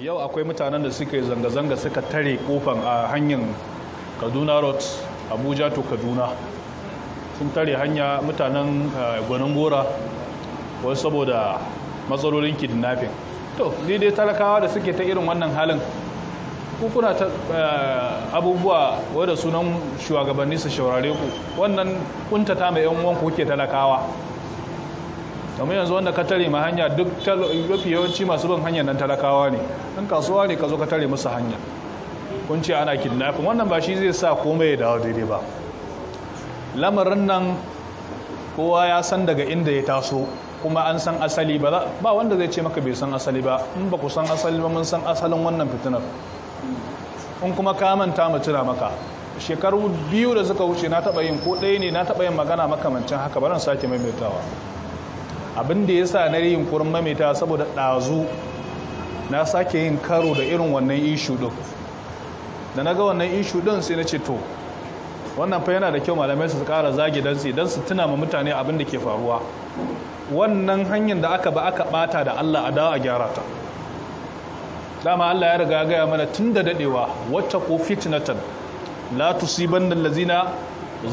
yau akwai mutanen da suka yi zanga-zanga suka tare kofan a hanyar kaduna road abuja to kaduna sun tare hanya mutanen eh, gwanin gora wai saboda matsalolin kidnapping to dai talakawa da suke ta irin wannan halin kuna ta eh, abubuwa wadda sunan shugabanni su shaurare ku wannan kuntata mai yan wanku kuke talakawa kamar yanzu wanda ka tare ma hanya duk mafi yawanci masu bin hanyar nan talakawa ne in kasuwa ne ka zo ka tare musu hanya kun ce ana kidnapping wannan ba shi zai sa komai ya dawo daidai ba lamarin nan kowa ya san daga inda ya taso kuma an san asali ba ba wanda zai ce maka bai san asali ba in ba ku san asali ba mun san asalin wannan fitinar in kuma ka manta mu tuna maka shekaru biyu da suka wuce na taɓa yin ko ɗaya ne na taɓa yin magana makamancin haka ba baran sake maimaitawa abin da ya sa na yi yunkurin mamita saboda ɗazu na sake yin karo da irin wannan ishu ɗin da na ga wannan ishu ɗin sai na ce to wannan fa yana da kyau malamai su kara zage don su don su tuna ma mutane abin da ke faruwa wannan hanyar da aka ba aka bata da allah a dawa a gyara ta dama allah ya riga gaya mana tun da daɗewa wata ko fitnatan la tusibanna allazina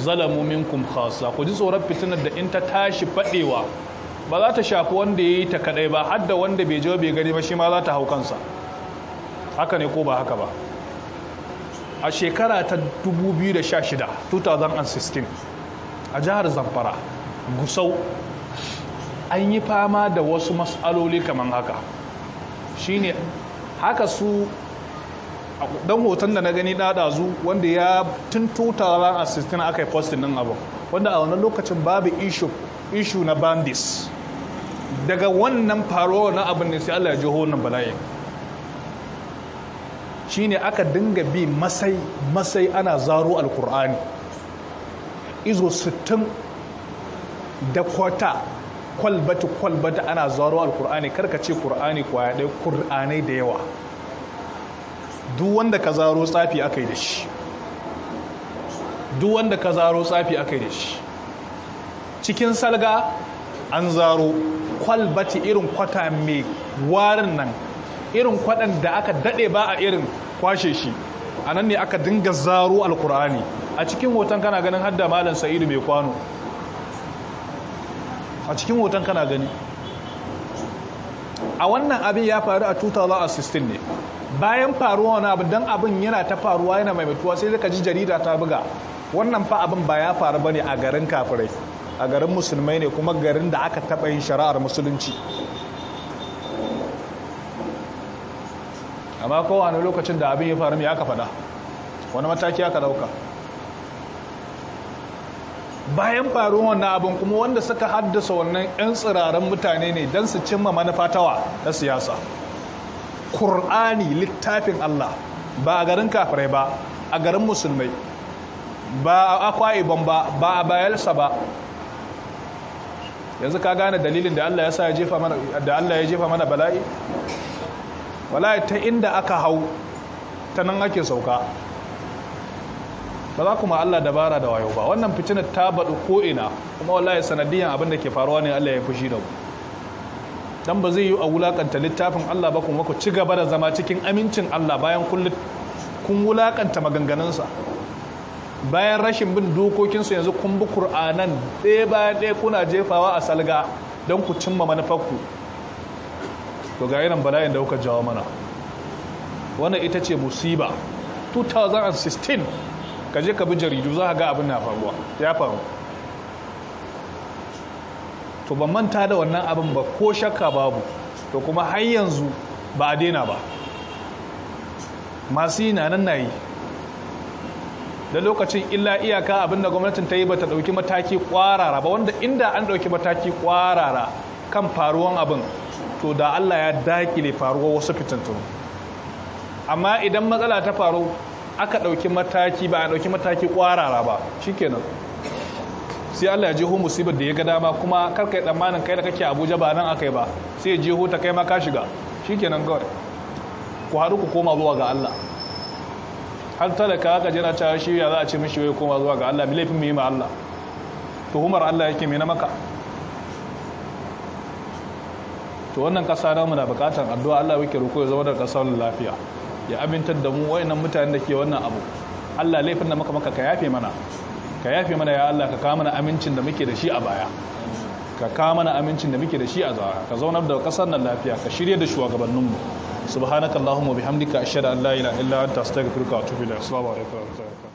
zalamu minkum khassa ku ji tsoron fitnar da in ta tashi faɗewa ba za ta shafi wanda ya yi ta kadai ba Hadda wanda bai jiwa bai gani ba shi ma za ta hau kansa haka ne ko ba haka ba a shekara ta 2016 2016 a jihar zamfara gusau an yi fama da wasu matsaloli kamar haka shine haka su dan hoton da na gani zu, wanda ya tun 2016 aka yi postin din abu wanda a wannan lokacin babu ishu na bandis daga wannan faruwa na abin ne sai Allah ya jiho wannan bala'i ne aka dinga bi masai masai ana zaro alkur'ani izo 60 da kwata kwalbata kwalbata ana zaro alkur'ani karka ce kur'ani kwaya ɗaya kur'anai da yawa duk wanda ka zaro tsafi aka yi da shi duk wanda ka zaro tsafi aka yi da shi cikin salga an zaro kwalbati irin kwata mai warin nan irin kwaɗan da aka daɗe ba a irin kwashe shi a nan ne aka dinga zaro alkur'ani a cikin hoton kana ganin hadda malam sa'idu mai kwano a cikin hoton kana gani a wannan abin ya faru a 2016 ne bayan faruwa wani abin don abin yana ta faruwa yana maimaituwa sai ka ji jarida ta buga wannan fa abin ba ya faru ba ne a garin kafirai a garin musulmai ne kuma garin da aka taɓa yin shari'ar musulunci amma kowane lokacin da abin ya faru mai aka faɗa wani mataki aka ɗauka bayan faru wannan abin kuma wanda suka haddasa wannan 'yan tsiraran mutane ne don su cimma manufa tawa ta siyasa Kur'ani littafin Allah ba a garin kafirai ba a garin musulmai ba a akwa ba ba a bayelsa ba yanzu ka gane dalilin da Allah ya sa ya jefa mana da bala'i ta inda aka hau ta nan ake sauka ba za kuma Allah dabara da wayo ba wannan fitina ta baɗu ko'ina kuma wallahi sanadiyan abin da ke faruwa ne Allah ya fushi da ku. dan ba zai yi a wulakanta littafin Allah ba kuma ku ci gaba da zama cikin amincin Allah bayan kun wulakanta maganganunsa bayan rashin bin dokokinsu yanzu kun bi kur'anan ɗaya bayan ɗaya kuna jefawa a salga don ku cimma manufarku to ga yanan bala'in da kuka jawo mana wannan ita ce musiba 2016 ka je ka bi jaridu za ga abin na faruwa ya faru to ban manta da wannan abin ba ko shakka babu to kuma har yanzu ba a daina ba masu yi na nan na yi da lokacin illa iyaka abinda gwamnatin ta yi bata dauki mataki kwarara ba wanda inda an dauki mataki kwarara kan faruwan abin to da Allah ya dakile faruwar wasu fitintunu amma idan matsala ta faru aka dauki mataki ba a dauki mataki kwarara ba shikenan sai Allah ya jiho musibar da ya ga dama kuma kar yi tsammanin kai da kake Abuja ba nan akai ba sai ya jeho ta kai ma ka shiga shikenan kawai ku haɗu ku koma zuwa ga Allah har talaka aka jira cewa shi ya za a ce mishi wai koma zuwa ga Allah mai laifin mu yi ma Allah tuhumar Allah yake mai na maka to wannan kasa na muna bukatan addu'a Allah muke roko ya zama da wani lafiya ya amintar da mu wayannan mutanen da ke wannan abu Allah laifin da muka maka ka yafe mana ka yafe mana ya Allah ka kawo mana amincin da muke da shi a baya ka kawo mana amincin da muke da shi a zara ka zaunar da kasar nan lafiya ka shirye da shugabanninmu subhanakallahumma bihamdika ashhadu an la ilaha illa anta astaghfiruka wa atubu ilaik assalamu alaikum